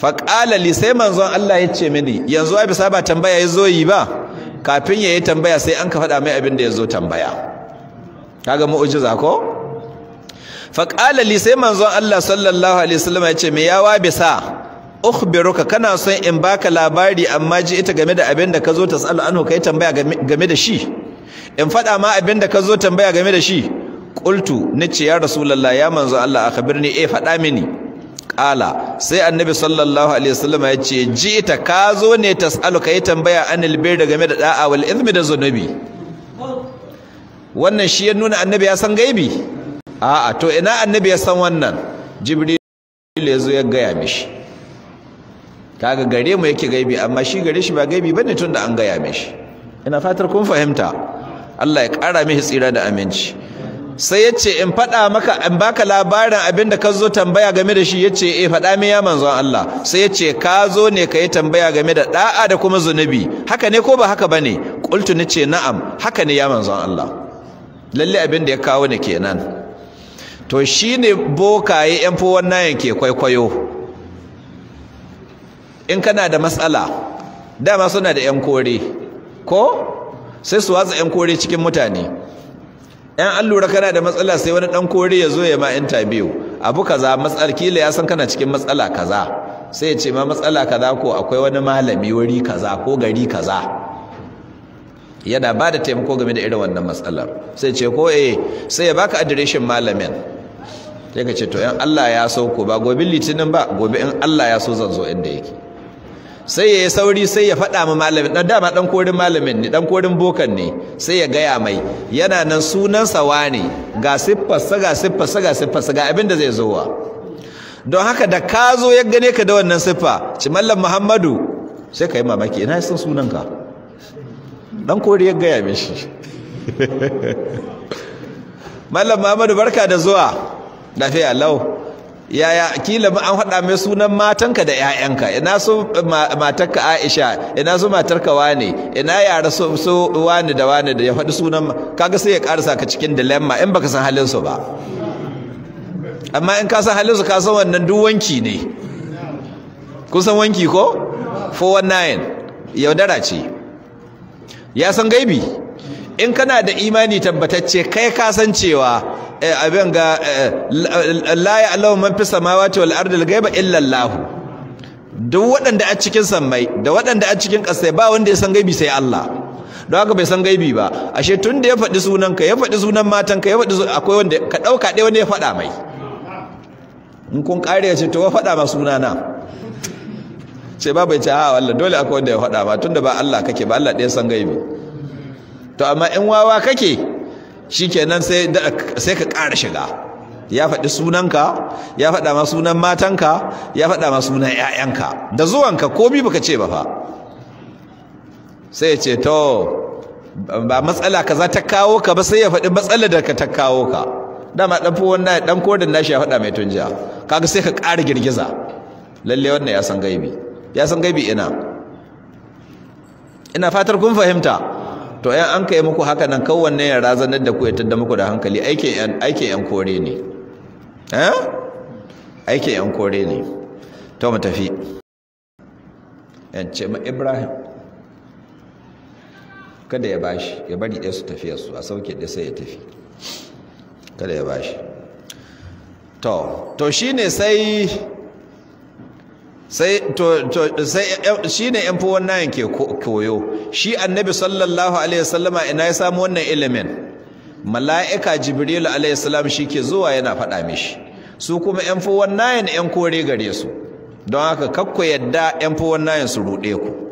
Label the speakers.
Speaker 1: faƙala li sai manzon Allah ya ce mini yanzu ai saba ba tambaya ya zo yi ba kafin ya yi tambaya sai an ka faɗa mai abin da ya zo tambaya kaga mu'ujiza ko faƙala li sai manzon Allah sallallahu alaihi wasallam ya ce me yawa bisa ukhbiruka kana son in baka labari amma ji ita game da abin da ka zo tasalu anhu kai tambaya game da shi in faɗa ma abin da ka zo tambaya game da shi qultu nace ya rasulullah ya manzon Allah akhbirni eh faɗa mini qala sai annabi sallallahu alaihi wasallam ya ce jita ka zo ne tasalu kai tambaya anil bir da game da da'a wal izmi da zunubi wannan shi ya nuna annabi ya san gaibi a'a to ina annabi ya san wannan jibril ya zo ya gaya mishi kaga gare mu yake gaibi amma shi gare shi ba gaibi bane tunda an gaya mishi ina fatar kun fahimta Allah ya kara mishi tsira da aminci sai ya ce in faɗa maka in baka labarin abin da ka zo tambaya game da shi ya ce e faɗa min ya manzon Allah sai ya ce ka zo ne ka yi tambaya game da ɗa'a da kuma zunubi haka ne ko ba haka ba ne ƙultu ni ce na'am haka ne ya manzon Allah lalle abin da ya kawo ni kenan to shi ne bokaye ƴan fo wannan ke kwaikwayo in kana da matsala dama suna da yan kore ko sai su watsa yan kore cikin mutane yan an lura kana da matsala sai wani dan kore ya zo ya ma interview abu kaza matsal kila ya san kana cikin matsala kaza sai ya ce ma matsala kaza ko akwai wani malami wuri kaza ko gari kaza yana ba da taimako game da irin wannan matsalar sai ce ko eh sai ya baka adireshin malamin sai ka ce to in Allah ya so ko ba gobe litinin ba gobe in Allah ya so zan zo inda yake sai ya yi sauri sai ya faɗa ma malamin dan dama dan korin malamin ne dan korin bokan ne sai ya gaya mai yana nan sunan sunansa wane ga siffarsa ga siffarsa ga siffarsa ga abin da zai wa don haka da ka zo ya gane ka da wannan siffa ci mallam muhammadu sai ka yi mamaki ina san ka dan kori ya gaya mishi mallam muhammadu barka da zuwa lafiya lau yaya kila an faɗa mai sunan matanka da 'ya'yanka ina so matarka Aisha ina so matarka wane ina yara so so wane da wane da ya faɗi sunan kaga sai ya karasa ka cikin dilemma in baka san halin su ba amma in ka san halin su ka san wannan duk wanki ne kun san wanki ko 419 yaudara ce ya san gaibi in kana da imani tabbatacce kai ka san cewa Eh, abin ga eh, la ya'lamu man fi samawati wal ardi al ghaiba illa Allah duk waɗanda a cikin sammai da waɗanda a cikin ƙasai ba wanda ya san gaibi sai Allah don haka bai san gaibi ba ashe tun da ya faɗi sunanka ya faɗi sunan matanka ya faɗi akwai wanda ka ɗauka ɗaya wanda ya faɗa mai in kun ƙare ya ce to wa faɗa ma sunana sai ba bai ce a wallah dole akwai wanda ya faɗa ma tunda ba Allah kake ba Allah ɗaya san gaibi to amma in wawa kake shikenan sai sai ka ƙara shiga ya faɗi sunanka ya faɗa ma sunan matanka ya faɗa ma sunan ƴaƴanka da zuwanka komi baka ce ba fa sai ya ce to ba matsala ka za ta kawo ka ba sai ya faɗi matsala da ka ta kawo ka dama ɗan fi na ɗan kodin nashi ya faɗa mai tunja kaga sai ka ƙara girgiza lalle wannan ya san gaibi ya san gaibi ina ina fatar kun fahimta to yan an kai muku haka nan kowanne ya razanar da ku ya tadda muku da hankali Aike yan kore ne eh Aike yan kore ne to mu tafi yan ce ma Ibrahim kada ya bashi ya bari ɗaya su tafiya su a sauke ɗaya sai ya tafi kada ya bashi to to shine sai sai to, to sai shine yan fi wannan ke koyo shi annabi sallallahu alaihi wasallama ina ya samu wannan ilimin mala'ika jibril alaihi salam ke zuwa yana faɗa mishi su kuma yan fi wannan yan kore gare su don haka kakku yadda yan fi wannan su rude ku